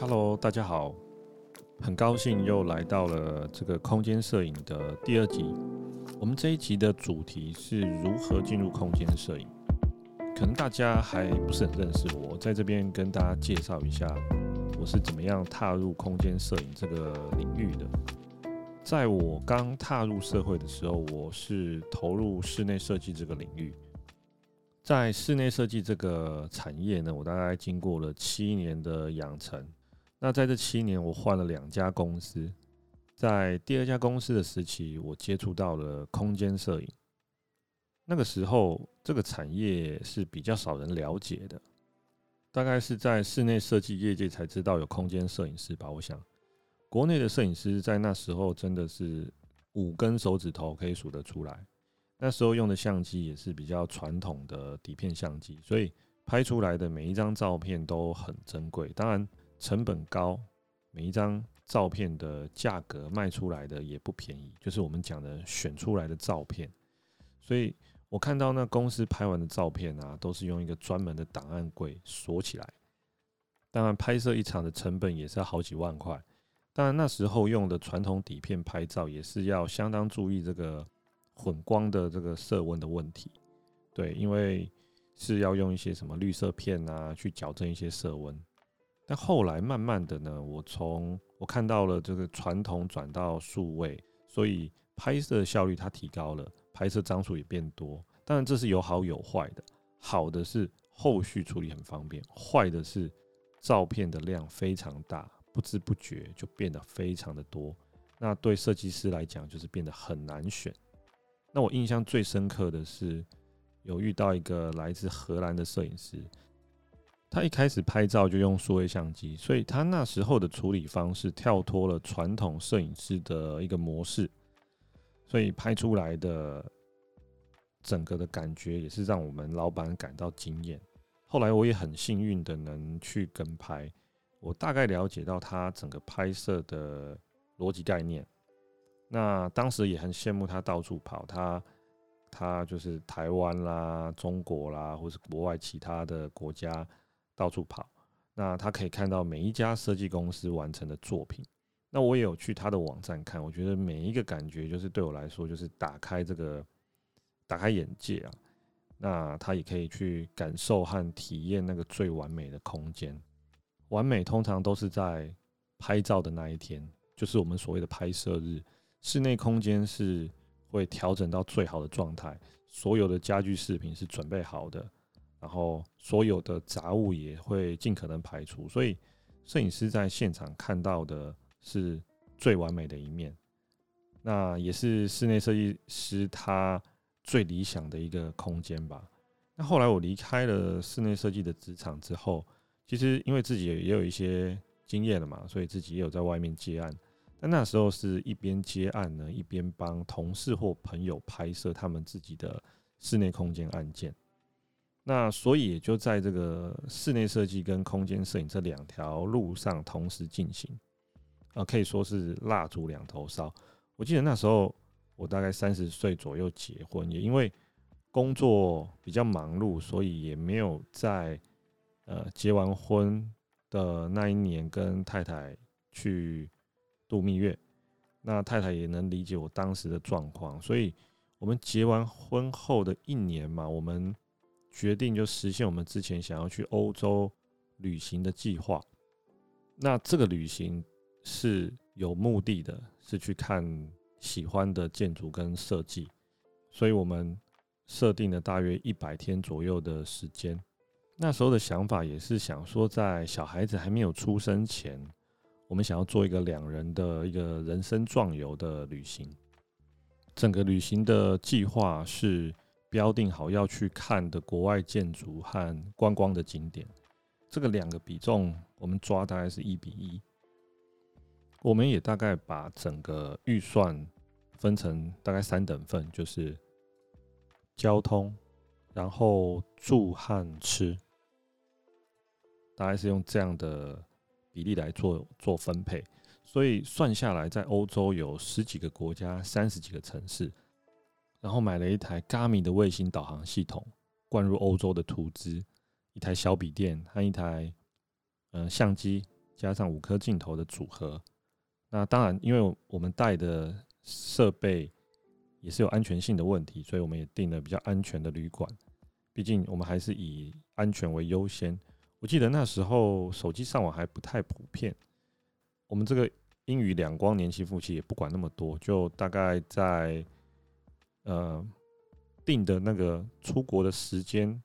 Hello，大家好，很高興又來到了這個空間攝影的第二集。我們這一集的主題是如何進入空間攝影。可能大家還不是很認識我，在這邊跟大家介紹一下，我是怎麼樣踏入空間攝影這個領域的。在我剛踏入社會的時候，我是投入室內設計這個領域。在室內設計這個產業呢，我大概經過了七年的養成。那在這七年，我換了兩家公司。在第二家公司的時期，我接觸到了空間攝影。那個時候，這個產業是比較少人了解的，大概是在室內設計業界才知道有空間攝影師吧。我想，國內的攝影師在那時候真的是五根手指頭可以數得出來。那時候用的相機也是比較傳統的底片相機，所以拍出來的每一張照片都很珍貴。當然。成本高，每一張照片的價格賣出來的也不便宜，就是我們講的選出來的照片。所以我看到那公司拍完的照片啊，都是用一個專門的檔案櫃鎖起來。當然，拍攝一場的成本也是好幾萬塊。當然，那時候用的傳統底片拍照也是要相當注意這個混光的這個色溫的問題。對，因為是要用一些什麼濾色片啊去矯正一些色溫。但後來慢慢的呢，我從我看到了這個傳統轉到數位，所以拍攝效率它提高了，拍攝張數也變多。當然這是有好有壞的，好的是後續處理很方便，壞的是照片的量非常大，不知不覺就變得非常的多。那對設計師來講就是變得很難選。那我印象最深刻的是有遇到一個來自荷蘭的攝影師。他一開始拍照就用數位相機，所以他那時候的處理方式跳脫了傳統攝影師的一個模式，所以拍出來的整個的感覺也是讓我們老闆感到驚艷。後來我也很幸運的能去跟拍，我大概了解到他整個拍攝的邏輯概念。那當時也很羨慕他到處跑，他他就是台灣啦、中國啦，或是國外其他的國家。到處跑，那他可以看到每一家設計公司完成的作品。那我也有去他的網站看，我覺得每一個感覺就是對我來說就是打開這個，打開眼界啊。那他也可以去感受和體驗那個最完美的空間。完美通常都是在拍照的那一天，就是我們所謂的拍攝日。室內空間是會調整到最好的狀態，所有的家具飾品是準備好的。然後所有的雜物也會盡可能排除，所以攝影師在現場看到的是最完美的一面，那也是室內設計師他最理想的一個空間吧。那後來我離開了室內設計的職場之後，其實因為自己也有一些經驗了嘛，所以自己也有在外面接案。但那時候是一邊接案呢，一邊幫同事或朋友拍攝他們自己的室內空間案件。那所以也就在這個室內設計跟空間攝影這兩條路上同時進行，啊，可以說是蠟燭兩頭燒。我記得那時候我大概三十歲左右結婚，也因為工作比較忙碌，所以也沒有在呃結完婚的那一年跟太太去度蜜月。那太太也能理解我當時的狀況，所以我們結完婚後的一年嘛，我們。決定就實現我們之前想要去歐洲旅行的計劃。那這個旅行是有目的的，是去看喜歡的建築跟設計。所以我們設定了大約一百天左右的時間。那時候的想法也是想說，在小孩子還沒有出生前，我們想要做一個兩人的一個人生壯遊的旅行。整個旅行的計劃是。標定好要去看的國外建築和觀光的景點，這個兩個比重我們抓大概是一比一。我們也大概把整個預算分成大概三等份，就是交通，然後住和吃，大概是用這樣的比例來做做分配。所以算下來，在歐洲有十幾個國家，三十幾個城市。然後買了一台 Garmin 的衛星導航系統，灌入歐洲的圖資，一台小筆電和一台嗯、呃、相機，加上五顆鏡頭的組合。那當然，因為我們帶的設備也是有安全性的問題，所以我們也訂了比較安全的旅館。畢竟我們還是以安全為優先。我記得那時候手機上網還不太普遍，我們這個英語兩光年期夫妻也不管那麼多，就大概在。呃，定的那個出國的時間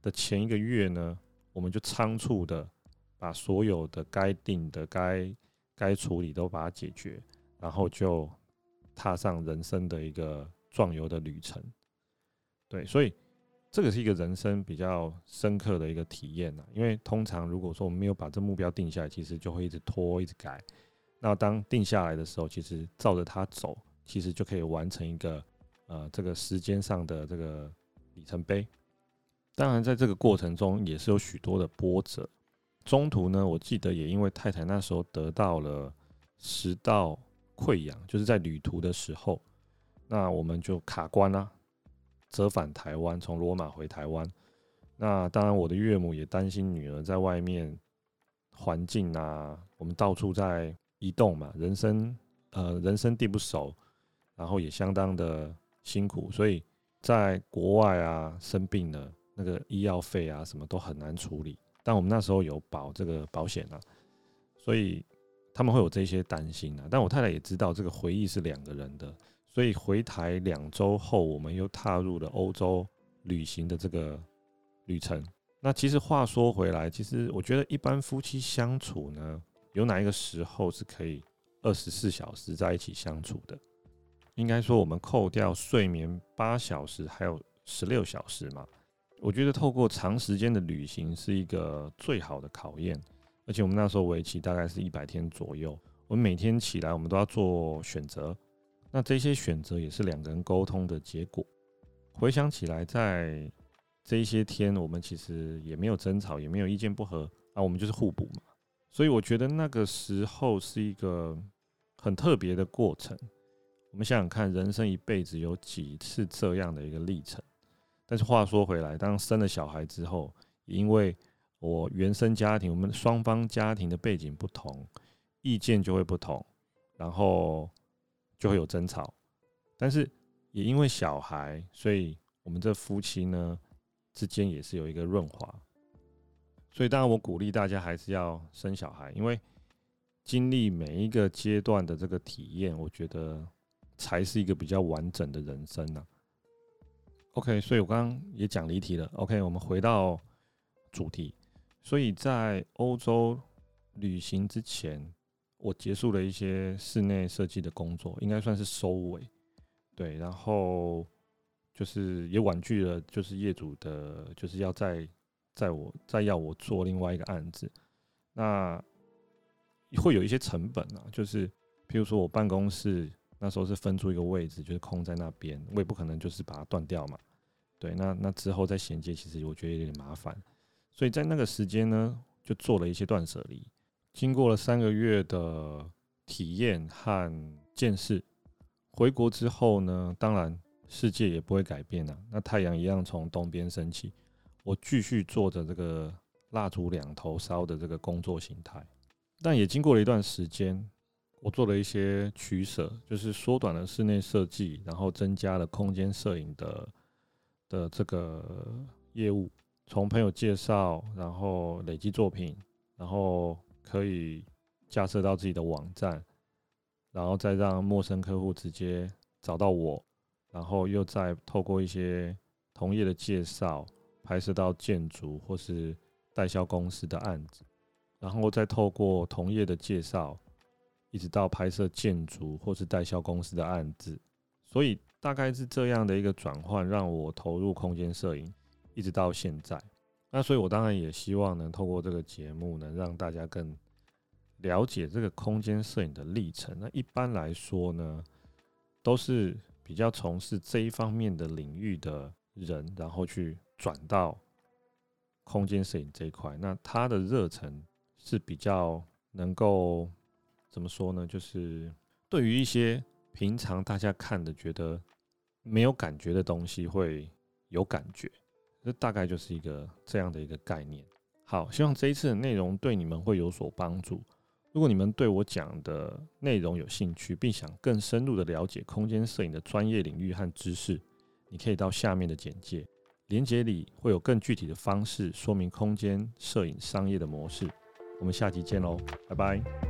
的前一個月呢，我們就倉促的把所有的該定的、該該處理都把它解決，然後就踏上人生的一個壯遊的旅程。對，所以這個是一個人生比較深刻的一個體驗啊，因為通常如果說我們沒有把這目標定下來，其實就會一直拖，一直改。那當定下來的時候，其實照着它走，其實就可以完成一個。呃，這個時間上的這個里程碑，當然在這個過程中也是有許多的波折。中途呢，我記得也因為太太那時候得到了食道潰瘍，就是在旅途的時候，那我們就卡關啦、啊，折返台灣，從羅馬回台灣。那當然，我的岳母也擔心女兒在外面環境啊，我們到處在移動嘛，人生呃人生地不熟，然後也相當的。辛苦，所以在國外啊生病的那個醫藥費啊，什麼都很難處理。但我們那時候有保這個保險啊，所以他們會有這些擔心啊。但我太太也知道這個回憶是兩個人的，所以回台兩週後，我們又踏入了歐洲旅行的這個旅程。那其實話說回來，其實我覺得一般夫妻相處呢，有哪一個時候是可以二十四小時在一起相處的？應該說，我們扣掉睡眠八小時，還有十六小時嘛。我覺得透過長時間的旅行是一個最好的考驗，而且我們那時候為期大概是一百天左右。我們每天起來，我們都要做選擇。那這些選擇也是兩個人溝通的結果。回想起來，在這些天，我們其實也沒有爭吵，也沒有意見不合，啊，我們就是互補嘛。所以我覺得那個時候是一個很特別的過程。我們想想看，人生一輩子有幾次這樣的一個歷程？但是話說回來，當生了小孩之後，因為我原生家庭，我們雙方家庭的背景不同，意見就會不同，然後就會有爭吵。但是也因為小孩，所以我們這夫妻呢之間也是有一個潤滑。所以當然，我鼓勵大家還是要生小孩，因為經歷每一個階段的這個體驗，我覺得。才是一個比較完整的人生吶、啊。OK，所以我剛剛也講離題了。OK，我們回到主題。所以在歐洲旅行之前，我結束了一些室內設計的工作，應該算是收尾。對，然後就是也婉拒了，就是業主的，就是要再再我再要我做另外一個案子，那會有一些成本啊，就是譬如說我辦公室。那時候是分出一個位置，就是空在那邊，我也不可能就是把它斷掉嘛。對，那那之後再銜接，其實我覺得有點麻煩，所以在那個時間呢，就做了一些斷捨離。經過了三個月的體驗和見識，回國之後呢，當然世界也不會改變啊，那太陽一樣從東邊升起，我繼續做着這個蠟燭兩頭燒的這個工作形態，但也經過了一段時間。我做了一些取捨，就是縮短了室內設計，然後增加了空間攝影的的這個業務。從朋友介紹，然後累積作品，然後可以架設到自己的網站，然後再讓陌生客戶直接找到我，然後又再透過一些同業的介紹，拍攝到建築或是代銷公司的案子，然後再透過同業的介紹。一直到拍攝建築或是代銷公司的案子，所以大概是這樣的一個轉換，讓我投入空間攝影，一直到現在。那所以，我當然也希望能透過這個節目，能讓大家更了解這個空間攝影的歷程。那一般來說呢，都是比較從事這一方面的領域的人，然後去轉到空間攝影這一塊。那他的熱忱是比較能夠。怎麼說呢？就是對於一些平常大家看的覺得沒有感覺的東西，會有感覺。這大概就是一個這樣的一個概念。好，希望這一次的內容對你們會有所幫助。如果你們對我講的內容有興趣，並想更深入的了解空間攝影的專業領域和知識，你可以到下面的簡介連結裡，會有更具體的方式說明空間攝影商業的模式。我們下集見嘍，拜拜。